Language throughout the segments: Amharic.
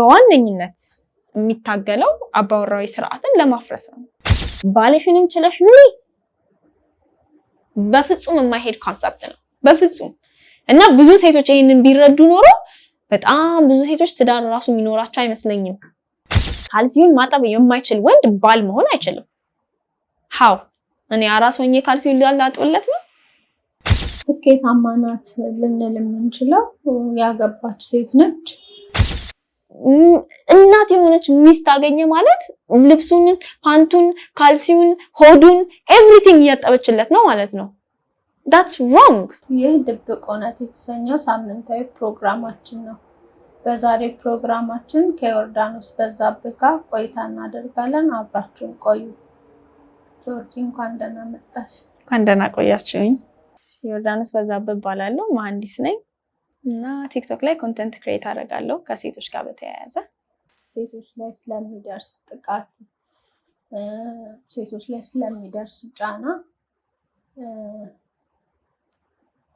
በዋነኝነት የሚታገለው አባወራዊ ስርዓትን ለማፍረስ ነው። ባልሽን እንችለሽ ኑሪ በፍጹም የማይሄድ ኮንሰፕት ነው። በፍጹም እና ብዙ ሴቶች ይህንን ቢረዱ ኖሮ በጣም ብዙ ሴቶች ትዳር ራሱ የሚኖራቸው አይመስለኝም። ካልሲውን ማጠብ የማይችል ወንድ ባል መሆን አይችልም። ሀው እኔ አራስ ሆኜ ካልሲውን ላጥብለት ነው። ስኬታማ ናት ልንል የምንችለው ያገባች ሴት ነች እናት የሆነች ሚስት አገኘ ማለት ልብሱን፣ ፓንቱን፣ ካልሲውን፣ ሆዱን ኤቭሪቲንግ እያጠበችለት ነው ማለት ነው። ዳትስ ሮንግ። ይህ ድብቅ እውነት የተሰኘው ሳምንታዊ ፕሮግራማችን ነው። በዛሬ ፕሮግራማችን ከዮርዳኖስ በዛብህ ጋር ቆይታ እናደርጋለን። አብራችሁን ቆዩ። ጆርዲ እንኳን ደህና መጣሽ። እንኳን ደህና ቆያችሁኝ። ዮርዳኖስ በዛብህ እባላለሁ፣ መሀንዲስ ነኝ። እና ቲክቶክ ላይ ኮንተንት ክሬት አደርጋለሁ ከሴቶች ጋር በተያያዘ ሴቶች ላይ ስለሚደርስ ጥቃት፣ ሴቶች ላይ ስለሚደርስ ጫና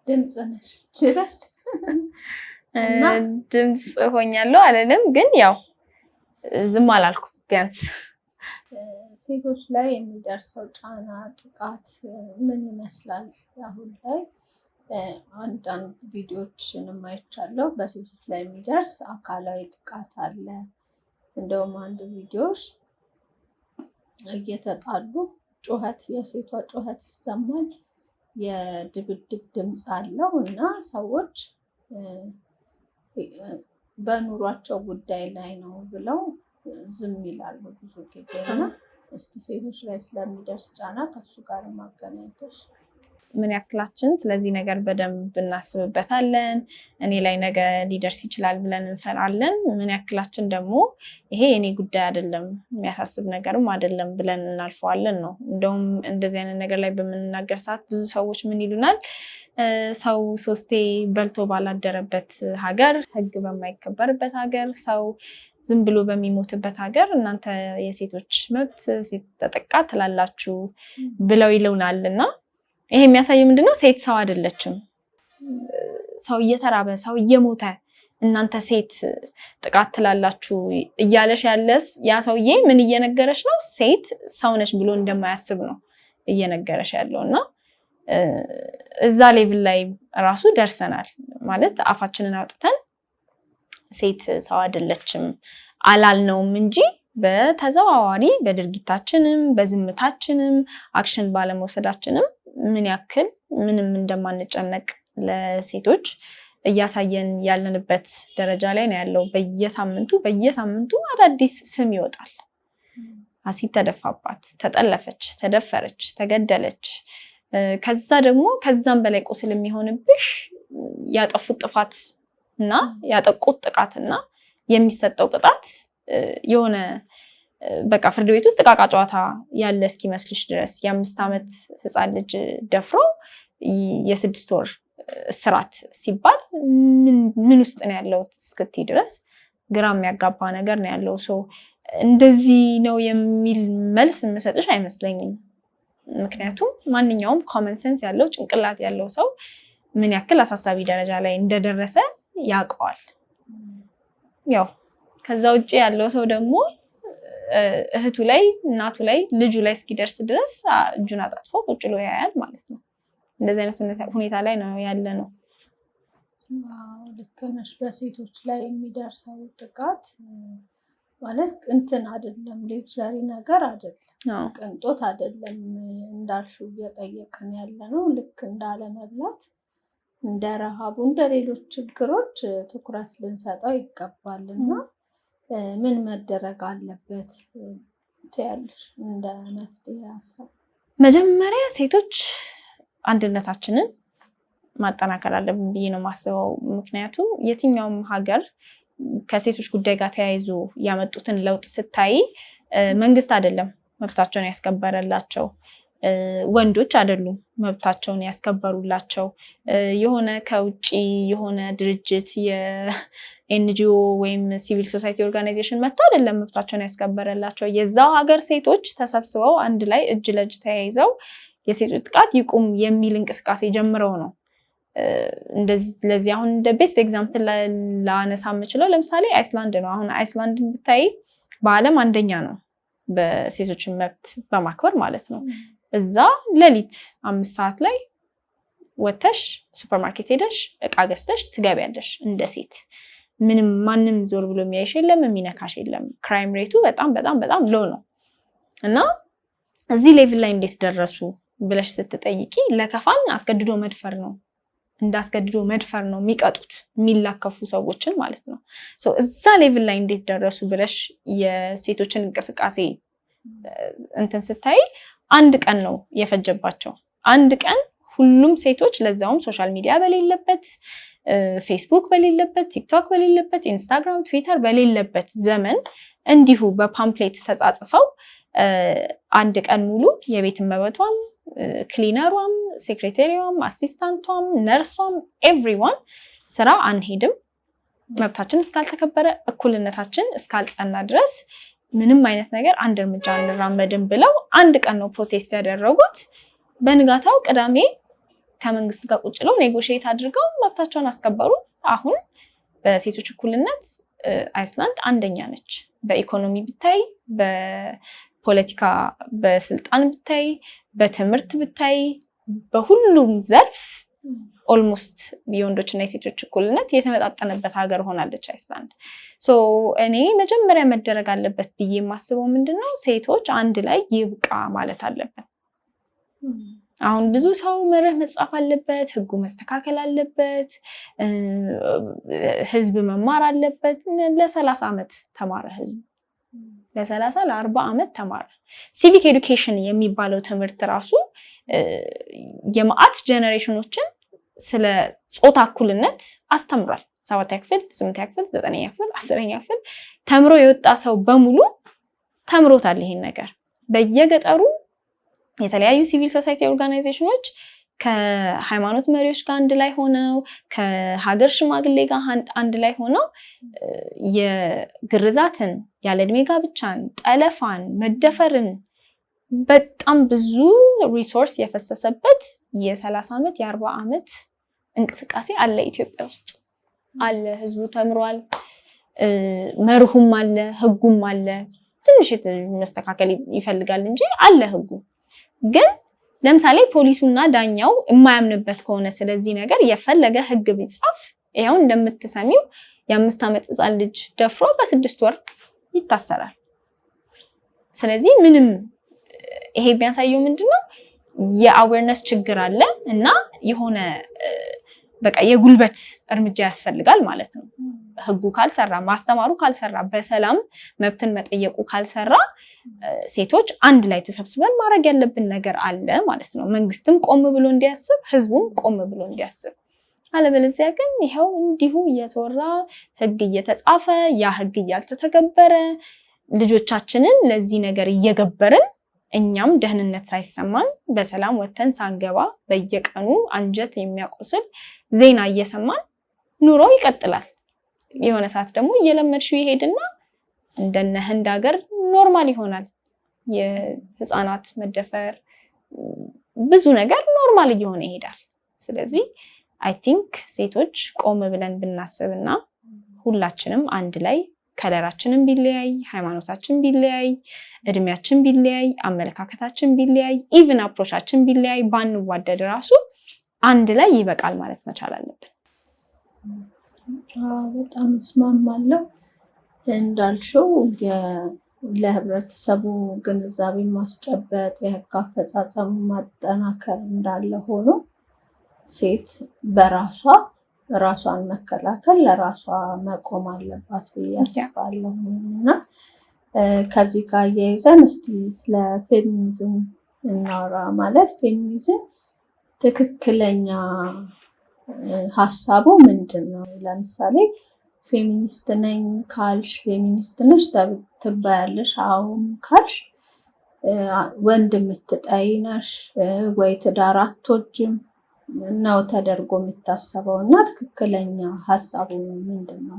ድምፅ ነሽ ችበል ድምፅ ሆኛለሁ አለንም፣ ግን ያው ዝም አላልኩ ቢያንስ ሴቶች ላይ የሚደርሰው ጫና ጥቃት ምን ይመስላል አሁን ላይ? አንዳንድ ቪዲዮዎችንም አይቻለሁ። በሴቶች ላይ የሚደርስ አካላዊ ጥቃት አለ። እንደውም አንድ ቪዲዮዎች እየተጣሉ ጩኸት፣ የሴቷ ጩኸት ይሰማል፣ የድብድብ ድምፅ አለው እና ሰዎች በኑሯቸው ጉዳይ ላይ ነው ብለው ዝም ይላሉ ብዙ ጊዜ እና እስቲ ሴቶች ላይ ስለሚደርስ ጫና ከሱ ጋር ማገናኘቶች ምን ያክላችን ስለዚህ ነገር በደንብ እናስብበታለን። እኔ ላይ ነገ ሊደርስ ይችላል ብለን እንፈራለን። ምን ያክላችን ደግሞ ይሄ የኔ ጉዳይ አይደለም የሚያሳስብ ነገርም አይደለም ብለን እናልፈዋለን ነው። እንደውም እንደዚህ አይነት ነገር ላይ በምንናገር ሰዓት ብዙ ሰዎች ምን ይሉናል? ሰው ሶስቴ በልቶ ባላደረበት ሀገር፣ ህግ በማይከበርበት ሀገር፣ ሰው ዝም ብሎ በሚሞትበት ሀገር እናንተ የሴቶች መብት ሴት ተጠቃ ትላላችሁ ብለው ይለውናል እና ይሄ የሚያሳየው ምንድነው? ሴት ሰው አይደለችም። ሰው እየተራበ ሰው እየሞተ እናንተ ሴት ጥቃት ትላላችሁ እያለሽ ያለስ ያ ሰውዬ ምን እየነገረች ነው? ሴት ሰው ነች ብሎ እንደማያስብ ነው እየነገረሽ ያለው እና እዛ ሌቭል ላይ ራሱ ደርሰናል ማለት አፋችንን አውጥተን ሴት ሰው አይደለችም አላልነውም እንጂ በተዘዋዋሪ በድርጊታችንም በዝምታችንም አክሽን ባለመውሰዳችንም ምን ያክል ምንም እንደማንጨነቅ ለሴቶች እያሳየን ያለንበት ደረጃ ላይ ነው ያለው። በየሳምንቱ በየሳምንቱ አዳዲስ ስም ይወጣል። አሲድ ተደፋባት፣ ተጠለፈች፣ ተደፈረች፣ ተገደለች። ከዛ ደግሞ ከዛም በላይ ቁስል የሚሆንብሽ ያጠፉት ጥፋት እና ያጠቁት ጥቃት እና የሚሰጠው ቅጣት የሆነ በቃ ፍርድ ቤት ውስጥ ቃቃ ጨዋታ ያለ እስኪመስልሽ ድረስ የአምስት ዓመት ህፃን ልጅ ደፍሮ የስድስት ወር እስራት ሲባል ምን ውስጥ ነው ያለው እስክቲ ድረስ ግራ የሚያጋባ ነገር ነው ያለው። ሰው እንደዚህ ነው የሚል መልስ የምሰጥሽ አይመስለኝም። ምክንያቱም ማንኛውም ኮመን ሴንስ ያለው ጭንቅላት ያለው ሰው ምን ያክል አሳሳቢ ደረጃ ላይ እንደደረሰ ያውቀዋል። ያው ከዛ ውጭ ያለው ሰው ደግሞ እህቱ ላይ እናቱ ላይ ልጁ ላይ እስኪደርስ ድረስ እጁን አጣጥፎ ቁጭ ብሎ ያያል ማለት ነው። እንደዚህ አይነት ሁኔታ ላይ ነው ያለ ነው። ልክ ነሽ። በሴቶች ላይ የሚደርሰው ጥቃት ማለት እንትን አይደለም፣ ሌክቸሪ ነገር አይደለም፣ ቅንጦት አይደለም። እንዳልሹ እየጠየቅን ያለ ነው። ልክ እንዳለመብላት እንደ ረሃቡ እንደ ሌሎች ችግሮች ትኩረት ልንሰጠው ይገባል እና ምን መደረግ አለበት ትያለሽ? እንደ መፍትሄ ሀሳብ መጀመሪያ ሴቶች አንድነታችንን ማጠናከር አለብን ብዬ ነው የማስበው። ምክንያቱም የትኛውም ሀገር ከሴቶች ጉዳይ ጋር ተያይዞ ያመጡትን ለውጥ ስታይ መንግስት አይደለም መብታቸውን ያስከበረላቸው ወንዶች አይደሉም መብታቸውን ያስከበሩላቸው። የሆነ ከውጭ የሆነ ድርጅት የኤንጂኦ ወይም ሲቪል ሶሳይቲ ኦርጋናይዜሽን መጥቶ አይደለም መብታቸውን ያስከበረላቸው። የዛው ሀገር ሴቶች ተሰብስበው አንድ ላይ እጅ ለእጅ ተያይዘው የሴቶች ጥቃት ይቁም የሚል እንቅስቃሴ ጀምረው ነው። ለዚህ አሁን እንደ ቤስት ኤግዛምፕል ላነሳ የምችለው ለምሳሌ አይስላንድ ነው። አሁን አይስላንድን ብታይ በዓለም አንደኛ ነው በሴቶችን መብት በማክበር ማለት ነው። እዛ ሌሊት አምስት ሰዓት ላይ ወተሽ ሱፐርማርኬት ሄደሽ እቃ ገዝተሽ ትገቢያለሽ እንደ ሴት ምንም ማንም ዞር ብሎ የሚያይሽ የለም፣ የሚነካሽ የለም። ክራይም ሬቱ በጣም በጣም በጣም ሎ ነው እና እዚህ ሌቭል ላይ እንዴት ደረሱ ብለሽ ስትጠይቂ ለከፋን አስገድዶ መድፈር ነው እንዳስገድዶ መድፈር ነው የሚቀጡት የሚላከፉ ሰዎችን ማለት ነው። እዛ ሌቭል ላይ እንዴት ደረሱ ብለሽ የሴቶችን እንቅስቃሴ እንትን ስታይ አንድ ቀን ነው የፈጀባቸው። አንድ ቀን ሁሉም ሴቶች ለዛውም ሶሻል ሚዲያ በሌለበት ፌስቡክ በሌለበት ቲክቶክ በሌለበት ኢንስታግራም፣ ትዊተር በሌለበት ዘመን እንዲሁ በፓምፕሌት ተጻጽፈው አንድ ቀን ሙሉ የቤት እመቤቷም፣ ክሊነሯም፣ ሴክሬታሪዋም፣ አሲስታንቷም፣ ነርሷም ኤቭሪዋን ስራ አንሄድም መብታችን እስካልተከበረ እኩልነታችን እስካልጸና ድረስ ምንም አይነት ነገር አንድ እርምጃ አንራመድም ብለው አንድ ቀን ነው ፕሮቴስት ያደረጉት። በንጋታው ቅዳሜ ከመንግስት ጋር ቁጭ ብለው ኔጎሽየት አድርገው መብታቸውን አስከበሩ። አሁን በሴቶች እኩልነት አይስላንድ አንደኛ ነች። በኢኮኖሚ ብታይ፣ በፖለቲካ በስልጣን ብታይ፣ በትምህርት ብታይ፣ በሁሉም ዘርፍ ኦልሞስት የወንዶችና የሴቶች እኩልነት የተመጣጠነበት ሀገር ሆናለች አይስላንድ። እኔ መጀመሪያ መደረግ አለበት ብዬ የማስበው ምንድነው ሴቶች አንድ ላይ ይብቃ ማለት አለብን። አሁን ብዙ ሰው መርህ መጻፍ አለበት፣ ህጉ መስተካከል አለበት፣ ህዝብ መማር አለበት። ለሰላሳ ዓመት ተማረ ህዝብ ለሰላሳ ለአርባ ዓመት ተማረ። ሲቪክ ኤዱኬሽን የሚባለው ትምህርት ራሱ የማዕት ጀነሬሽኖችን ስለ ጾታ እኩልነት አስተምሯል። ሰባተኛ ክፍል፣ ስምንተኛ ክፍል፣ ዘጠነኛ ክፍል፣ አስረኛ ክፍል ተምሮ የወጣ ሰው በሙሉ ተምሮታል። ይሄን ነገር በየገጠሩ የተለያዩ ሲቪል ሶሳይቲ ኦርጋናይዜሽኖች ከሃይማኖት መሪዎች ጋር አንድ ላይ ሆነው ከሀገር ሽማግሌ ጋር አንድ ላይ ሆነው የግርዛትን፣ ያለ ዕድሜ ጋብቻን፣ ጠለፋን፣ መደፈርን በጣም ብዙ ሪሶርስ የፈሰሰበት የሰላሳ ዓመት የአርባ ዓመት እንቅስቃሴ አለ ኢትዮጵያ ውስጥ አለ። ህዝቡ ተምሯል፣ መርሁም አለ፣ ህጉም አለ። ትንሽ መስተካከል ይፈልጋል እንጂ አለ ህጉ። ግን ለምሳሌ ፖሊሱና ዳኛው የማያምንበት ከሆነ ስለዚህ ነገር የፈለገ ህግ ቢጻፍ ይኸው እንደምትሰሚው የአምስት ዓመት ህፃን ልጅ ደፍሮ በስድስት ወር ይታሰራል። ስለዚህ ምንም ይሄ የሚያሳየው ምንድነው የአዌርነስ ችግር አለ እና የሆነ በቃ የጉልበት እርምጃ ያስፈልጋል ማለት ነው። ህጉ ካልሰራ፣ ማስተማሩ ካልሰራ፣ በሰላም መብትን መጠየቁ ካልሰራ ሴቶች አንድ ላይ ተሰብስበን ማድረግ ያለብን ነገር አለ ማለት ነው። መንግስትም ቆም ብሎ እንዲያስብ፣ ህዝቡም ቆም ብሎ እንዲያስብ። አለበለዚያ ግን ይኸው እንዲሁ እየተወራ ህግ እየተጻፈ ያ ህግ እያልተተገበረ ልጆቻችንን ለዚህ ነገር እየገበርን እኛም ደህንነት ሳይሰማን በሰላም ወተን ሳንገባ በየቀኑ አንጀት የሚያቆስል ዜና እየሰማን ኑሮ ይቀጥላል። የሆነ ሰዓት ደግሞ እየለመድሽው ይሄድና እንደነ ህንድ ሀገር ኖርማል ይሆናል። የህፃናት መደፈር፣ ብዙ ነገር ኖርማል እየሆነ ይሄዳል። ስለዚህ አይ ቲንክ ሴቶች ቆም ብለን ብናስብና ሁላችንም አንድ ላይ ከለራችንም ቢለያይ፣ ሃይማኖታችን ቢለያይ፣ እድሜያችን ቢለያይ፣ አመለካከታችን ቢለያይ፣ ኢቭን አፕሮቻችን ቢለያይ፣ ባንዋደድ ራሱ አንድ ላይ ይበቃል ማለት መቻል አለብን። በጣም እስማማለሁ። እንዳልሽው ለህብረተሰቡ ግንዛቤ ማስጨበጥ የህግ አፈጻጸሙ ማጠናከር እንዳለ ሆኖ ሴት በራሷ ራሷን መከላከል ለራሷ መቆም አለባት ብዬ አስባለሁ። እና ከዚህ ጋር አያይዘን እስቲ ስለ ፌሚኒዝም እናወራ። ማለት ፌሚኒዝም ትክክለኛ ሀሳቡ ምንድን ነው? ለምሳሌ ፌሚኒስት ነኝ ካልሽ፣ ፌሚኒስት ነሽ ትባያለሽ። አሁን ካልሽ ወንድ የምትጠይነሽ ወይ ትዳር አትወጂም ነው ተደርጎ የሚታሰበው እና ትክክለኛ ሀሳቡ ምንድን ነው?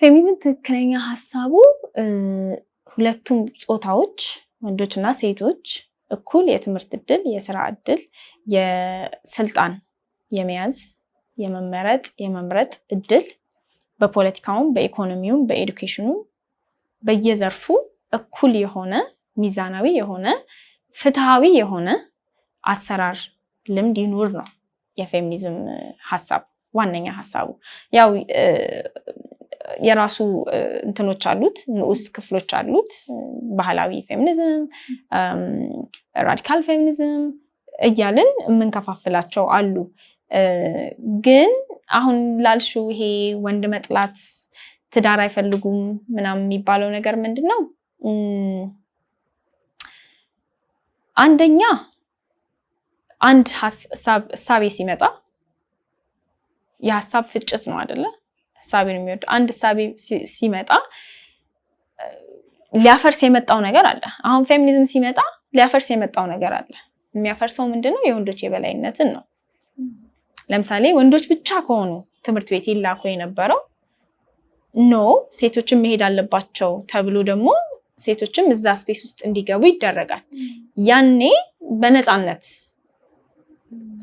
ፌሚኒዝም ትክክለኛ ሀሳቡ ሁለቱም ወንዶች ወንዶችና ሴቶች እኩል የትምህርት እድል፣ የስራ እድል፣ የስልጣን የመያዝ የመመረጥ የመምረጥ እድል በፖለቲካውም በኢኮኖሚውም በኤዱኬሽኑም በየዘርፉ እኩል የሆነ ሚዛናዊ የሆነ ፍትሃዊ የሆነ አሰራር ልምድ ይኑር ነው የፌሚኒዝም ሀሳብ ዋነኛ ሀሳቡ። ያው የራሱ እንትኖች አሉት፣ ንዑስ ክፍሎች አሉት። ባህላዊ ፌሚኒዝም፣ ራዲካል ፌሚኒዝም እያልን የምንከፋፍላቸው አሉ። ግን አሁን ላልሹ ይሄ ወንድ መጥላት ትዳር አይፈልጉም ምናምን የሚባለው ነገር ምንድን ነው? አንደኛ አንድ እሳቤ ሲመጣ የሀሳብ ፍጭት ነው አይደለ? ነው የሚወዱ አንድ እሳቤ ሲመጣ ሊያፈርስ የመጣው ነገር አለ። አሁን ፌሚኒዝም ሲመጣ ሊያፈርስ የመጣው ነገር አለ። የሚያፈርሰው ምንድነው? የወንዶች የበላይነትን ነው። ለምሳሌ ወንዶች ብቻ ከሆኑ ትምህርት ቤት ይላኩ የነበረው ኖ ሴቶችም መሄድ አለባቸው ተብሎ ደግሞ ሴቶችም እዛ ስፔስ ውስጥ እንዲገቡ ይደረጋል። ያኔ በነፃነት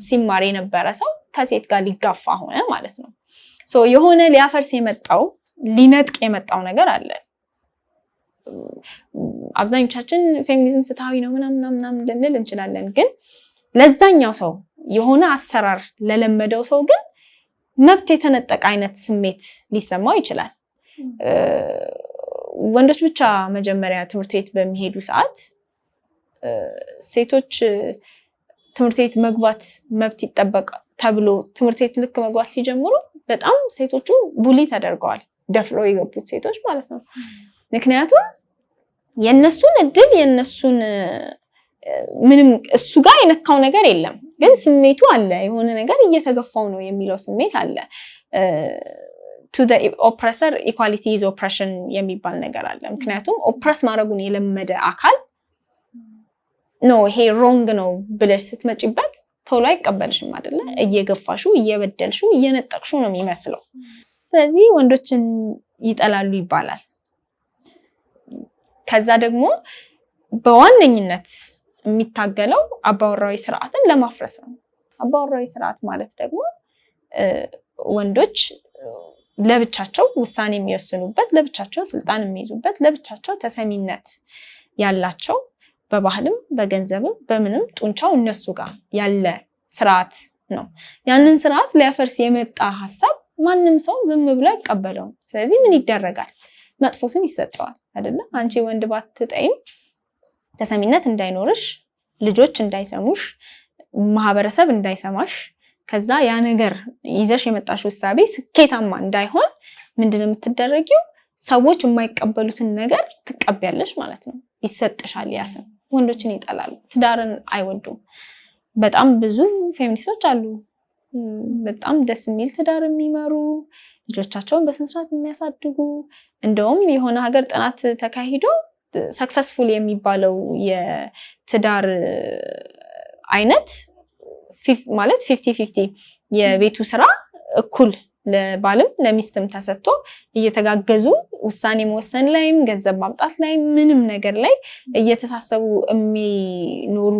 ሲማር የነበረ ሰው ከሴት ጋር ሊጋፋ ሆነ ማለት ነው። የሆነ ሊያፈርስ የመጣው ሊነጥቅ የመጣው ነገር አለ። አብዛኞቻችን ፌሚኒዝም ፍትሐዊ ነው ምናምናምናም ልንል እንችላለን፣ ግን ለዛኛው ሰው የሆነ አሰራር ለለመደው ሰው ግን መብት የተነጠቀ አይነት ስሜት ሊሰማው ይችላል። ወንዶች ብቻ መጀመሪያ ትምህርት ቤት በሚሄዱ ሰዓት ሴቶች ትምህርት ቤት መግባት መብት ይጠበቃል ተብሎ ትምህርት ቤት ልክ መግባት ሲጀምሩ በጣም ሴቶቹ ቡሊ ተደርገዋል። ደፍረው የገቡት ሴቶች ማለት ነው። ምክንያቱም የነሱን እድል የነሱን ምንም እሱ ጋር የነካው ነገር የለም፣ ግን ስሜቱ አለ። የሆነ ነገር እየተገፋው ነው የሚለው ስሜት አለ። ቱ ኦፕሬሰር ኢኳሊቲ ኢዝ ኦፕሬሽን የሚባል ነገር አለ። ምክንያቱም ኦፕረስ ማድረጉን የለመደ አካል ኖ ይሄ ሮንግ ነው ብለሽ ስትመጪበት ቶሎ አይቀበልሽም አይደለ? እየገፋሹ እየበደልሹ እየነጠቅሹ ነው የሚመስለው። ስለዚህ ወንዶችን ይጠላሉ ይባላል። ከዛ ደግሞ በዋነኝነት የሚታገለው አባወራዊ ስርዓትን ለማፍረስ ነው። አባወራዊ ስርዓት ማለት ደግሞ ወንዶች ለብቻቸው ውሳኔ የሚወስኑበት፣ ለብቻቸው ስልጣን የሚይዙበት፣ ለብቻቸው ተሰሚነት ያላቸው በባህልም በገንዘብም በምንም ጡንቻው እነሱ ጋር ያለ ስርዓት ነው። ያንን ስርዓት ሊያፈርስ የመጣ ሀሳብ ማንም ሰው ዝም ብሎ አይቀበለውም። ስለዚህ ምን ይደረጋል? መጥፎ ስም ይሰጠዋል አይደለም። አንቺ ወንድ ባትጠይም ተሰሚነት እንዳይኖርሽ፣ ልጆች እንዳይሰሙሽ፣ ማህበረሰብ እንዳይሰማሽ፣ ከዛ ያ ነገር ይዘሽ የመጣሽ ውሳቤ ስኬታማ እንዳይሆን ምንድን የምትደረጊው? ሰዎች የማይቀበሉትን ነገር ትቀቢያለሽ ማለት ነው። ይሰጥሻል ያ ስም። ወንዶችን ይጠላሉ፣ ትዳርን አይወዱም። በጣም ብዙ ፌሚኒስቶች አሉ፣ በጣም ደስ የሚል ትዳር የሚመሩ ልጆቻቸውን በስነስርዓት የሚያሳድጉ። እንደውም የሆነ ሀገር ጥናት ተካሂዶ ሰክሰስፉል የሚባለው የትዳር አይነት ማለት ፊፍቲ ፊፍቲ የቤቱ ስራ እኩል ለባልም ለሚስትም ተሰጥቶ እየተጋገዙ ውሳኔ መወሰን ላይም ገንዘብ ማምጣት ላይ ምንም ነገር ላይ እየተሳሰቡ የሚኖሩ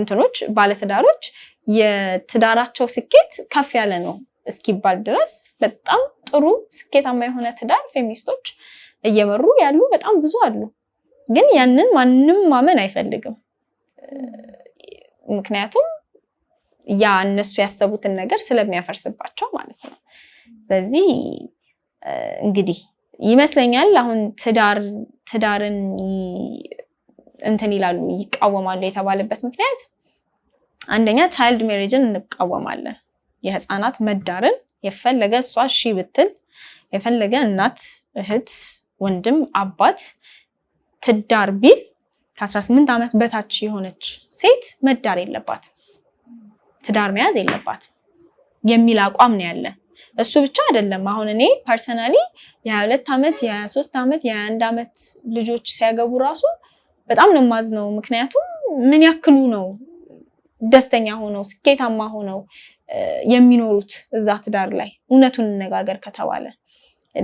እንትኖች ባለትዳሮች የትዳራቸው ስኬት ከፍ ያለ ነው እስኪባል ድረስ በጣም ጥሩ ስኬታማ የሆነ ትዳር ፌሚኒስቶች እየመሩ ያሉ በጣም ብዙ አሉ። ግን ያንን ማንም ማመን አይፈልግም። ምክንያቱም ያ እነሱ ያሰቡትን ነገር ስለሚያፈርስባቸው ማለት ነው። ስለዚህ እንግዲህ ይመስለኛል አሁን ትዳር ትዳርን እንትን ይላሉ ይቃወማሉ የተባለበት ምክንያት አንደኛ ቻይልድ ሜሬጅን እንቃወማለን። የህፃናት መዳርን የፈለገ እሷ እሺ ብትል የፈለገ እናት፣ እህት፣ ወንድም፣ አባት ትዳር ቢል ከ18 ዓመት በታች የሆነች ሴት መዳር የለባትም። ትዳር መያዝ የለባት የሚል አቋም ነው ያለን። እሱ ብቻ አይደለም። አሁን እኔ ፐርሰናሊ የ22 ዓመት የሶስት ዓመት የአንድ ዓመት ልጆች ሲያገቡ ራሱ በጣም ነው የማዝነው። ምክንያቱም ምን ያክሉ ነው ደስተኛ ሆነው ስኬታማ ሆነው የሚኖሩት እዛ ትዳር ላይ እውነቱን እነጋገር ከተባለ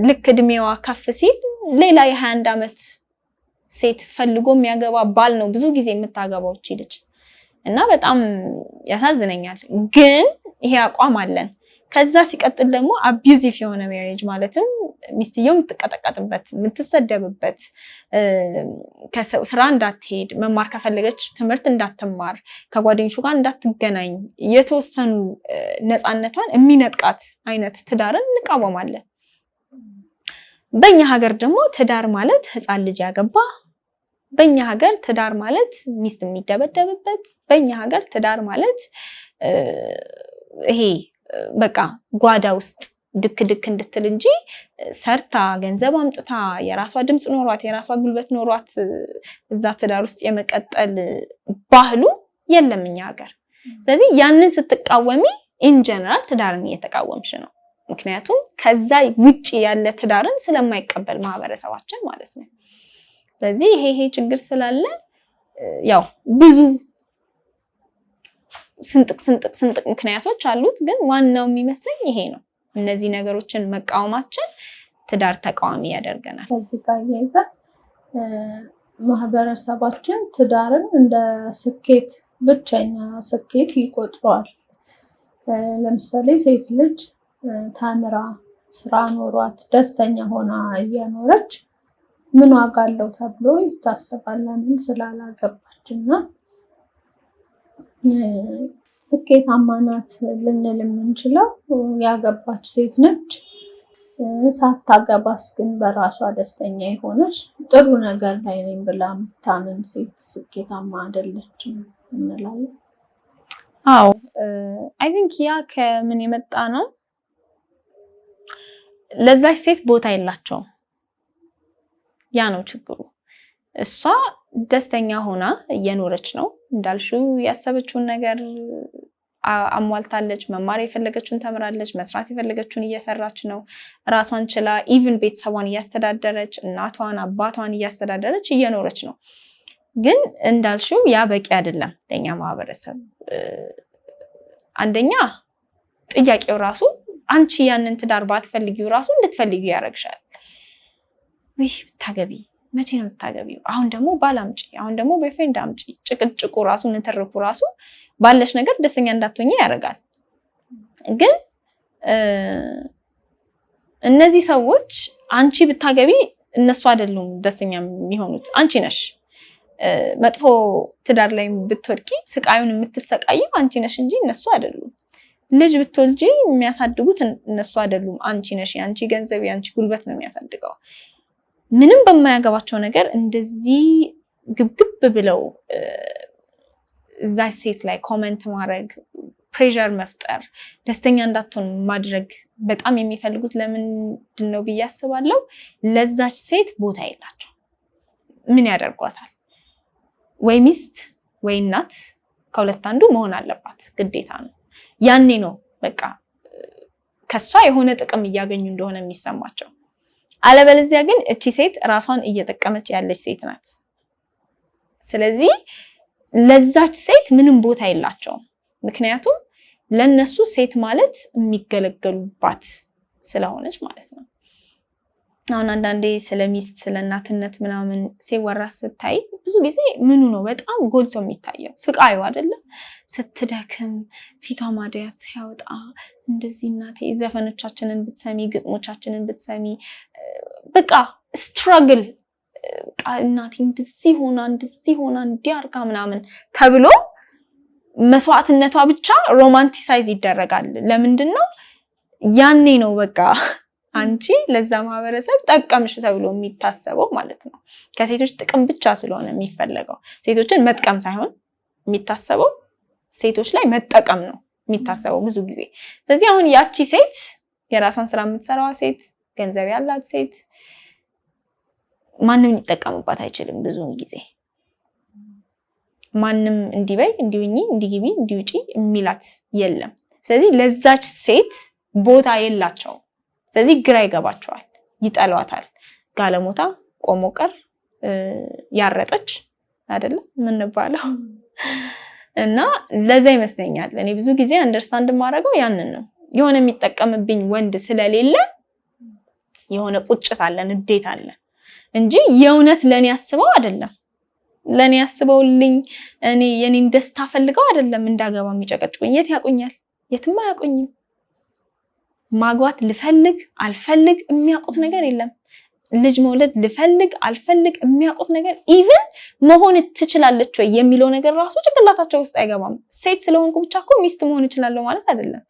ልክ እድሜዋ ከፍ ሲል ሌላ የ21 ዓመት ሴት ፈልጎ የሚያገባ ባል ነው ብዙ ጊዜ የምታገባው ልጅ እና በጣም ያሳዝነኛል። ግን ይሄ አቋም አለን። ከዛ ሲቀጥል ደግሞ አቢዩዚቭ የሆነ ሜሬጅ ማለትም ሚስትየው የምትቀጠቀጥበት፣ የምትሰደብበት፣ ስራ እንዳትሄድ፣ መማር ከፈለገች ትምህርት እንዳትማር፣ ከጓደኞቹ ጋር እንዳትገናኝ፣ የተወሰኑ ነፃነቷን የሚነጥቃት አይነት ትዳርን እንቃወማለን። በእኛ ሀገር ደግሞ ትዳር ማለት ህፃን ልጅ ያገባ በእኛ ሀገር ትዳር ማለት ሚስት የሚደበደብበት፣ በእኛ ሀገር ትዳር ማለት ይሄ በቃ ጓዳ ውስጥ ድክ ድክ እንድትል እንጂ ሰርታ ገንዘብ አምጥታ የራሷ ድምፅ ኖሯት የራሷ ጉልበት ኖሯት እዛ ትዳር ውስጥ የመቀጠል ባህሉ የለም እኛ ሀገር። ስለዚህ ያንን ስትቃወሚ ኢንጀነራል ትዳርን እየተቃወምሽ ነው። ምክንያቱም ከዛ ውጭ ያለ ትዳርን ስለማይቀበል ማህበረሰባችን ማለት ነው። ስለዚህ ይሄ ይሄ ችግር ስላለ ያው ብዙ ስንጥቅ ስንጥቅ ስንጥቅ ምክንያቶች አሉት፣ ግን ዋናው የሚመስለኝ ይሄ ነው። እነዚህ ነገሮችን መቃወማችን ትዳር ተቃዋሚ ያደርገናል። ከዚህ ጋር እያይዘ ማህበረሰባችን ትዳርን እንደ ስኬት ብቸኛ ስኬት ይቆጥረዋል። ለምሳሌ ሴት ልጅ ታምራ ስራ ኖሯት ደስተኛ ሆና እየኖረች ምን ዋጋ አለው ተብሎ ይታሰባል። ለምን ስላላገባች እና ስኬታማ ናት ልንል የምንችለው ያገባች ሴት ነች። ሳታገባስ ግን በራሷ ደስተኛ የሆነች ጥሩ ነገር ላይ ነኝ ብላ የምታምን ሴት ስኬታማ አይደለችም እንላለን። አዎ አይ ቲንክ ያ ከምን የመጣ ነው? ለዛች ሴት ቦታ የላቸውም። ያ ነው ችግሩ። እሷ ደስተኛ ሆና እየኖረች ነው እንዳልሽው፣ ያሰበችውን ነገር አሟልታለች። መማር የፈለገችውን ተምራለች። መስራት የፈለገችውን እየሰራች ነው። ራሷን ችላ ኢቭን ቤተሰቧን እያስተዳደረች፣ እናቷን አባቷን እያስተዳደረች እየኖረች ነው። ግን እንዳልሽው ያ በቂ አይደለም ለኛ ማህበረሰብ። አንደኛ ጥያቄው ራሱ አንቺ ያንን ትዳር ባትፈልጊው ራሱ እንድትፈልጊው ያደርግሻል። ይህ ብታገቢ መቼ ነው የምታገቢው? አሁን ደግሞ ባል አምጪ፣ አሁን ደግሞ ቦይፍሬንድ አምጪ። ጭቅጭቁ ራሱ ንትርኩ ራሱ ባለሽ ነገር ደስተኛ እንዳትሆኝ ያደርጋል። ግን እነዚህ ሰዎች አንቺ ብታገቢ እነሱ አይደሉም ደስተኛ የሚሆኑት አንቺ ነሽ። መጥፎ ትዳር ላይ ብትወድቂ ስቃዩን የምትሰቃየው አንቺ ነሽ እንጂ እነሱ አይደሉም። ልጅ ብትወልጂ የሚያሳድጉት እነሱ አይደሉም አንቺ ነሽ። የአንቺ ገንዘብ የአንቺ ጉልበት ነው የሚያሳድገው። ምንም በማያገባቸው ነገር እንደዚህ ግብግብ ብለው እዛች ሴት ላይ ኮመንት ማድረግ፣ ፕሬዠር መፍጠር፣ ደስተኛ እንዳትሆን ማድረግ በጣም የሚፈልጉት ለምንድን ነው ብዬ አስባለሁ። ለዛች ሴት ቦታ የላቸው። ምን ያደርጓታል? ወይ ሚስት ወይ እናት፣ ከሁለት አንዱ መሆን አለባት፣ ግዴታ ነው። ያኔ ነው በቃ ከሷ የሆነ ጥቅም እያገኙ እንደሆነ የሚሰማቸው። አለበለዚያ ግን እቺ ሴት ራሷን እየጠቀመች ያለች ሴት ናት። ስለዚህ ለዛች ሴት ምንም ቦታ የላቸውም። ምክንያቱም ለነሱ ሴት ማለት የሚገለገሉባት ስለሆነች ማለት ነው። አሁን አንዳንዴ ስለ ሚስት ስለ እናትነት ምናምን ሲወራ ስታይ ብዙ ጊዜ ምኑ ነው በጣም ጎልቶ የሚታየው? ስቃዩ አይደለም? ስትደክም ፊቷ ማድያት ሲያወጣ እንደዚህ እናቴ፣ ዘፈኖቻችንን ብትሰሚ፣ ግጥሞቻችንን ብትሰሚ በቃ ስትራግል እናቴ እንደዚህ ሆና እንደዚህ ሆና እንዲያርጋ ምናምን ተብሎ መስዋዕትነቷ ብቻ ሮማንቲሳይዝ ይደረጋል። ለምንድን ነው ያኔ ነው በቃ አንቺ ለዛ ማህበረሰብ ጠቀምሽ ተብሎ የሚታሰበው ማለት ነው። ከሴቶች ጥቅም ብቻ ስለሆነ የሚፈለገው ሴቶችን መጥቀም ሳይሆን የሚታሰበው ሴቶች ላይ መጠቀም ነው የሚታሰበው ብዙ ጊዜ። ስለዚህ አሁን ያቺ ሴት የራሷን ስራ የምትሰራዋ ሴት፣ ገንዘብ ያላት ሴት ማንም ሊጠቀምባት አይችልም። ብዙውን ጊዜ ማንም እንዲበይ እንዲውኝ እንዲግቢ እንዲውጪ የሚላት የለም። ስለዚህ ለዛች ሴት ቦታ የላቸውም። ስለዚህ ግራ ይገባቸዋል፣ ይጠሏታል። ጋለሞታ፣ ቆሞ ቀር፣ ያረጠች አይደለም የምንባለው እና ለዛ ይመስለኛል እኔ ብዙ ጊዜ አንደርስታንድ የማደርገው ያንን ነው። የሆነ የሚጠቀምብኝ ወንድ ስለሌለ የሆነ ቁጭት አለን፣ ንዴት አለን እንጂ የእውነት ለእኔ አስበው አይደለም ለእኔ ያስበውልኝ እኔ የኔን ደስታ ፈልገው አይደለም እንዳገባ የሚጨቀጭቁኝ። የት ያቁኛል? የትም አያቁኝም። ማግባት ልፈልግ አልፈልግ የሚያውቁት ነገር የለም። ልጅ መውለድ ልፈልግ አልፈልግ የሚያውቁት ነገር ኢቭን መሆን ትችላለች ወይ የሚለው ነገር ራሱ ጭንቅላታቸው ውስጥ አይገባም። ሴት ስለሆንኩ ብቻ እኮ ሚስት መሆን እችላለሁ ማለት አይደለም።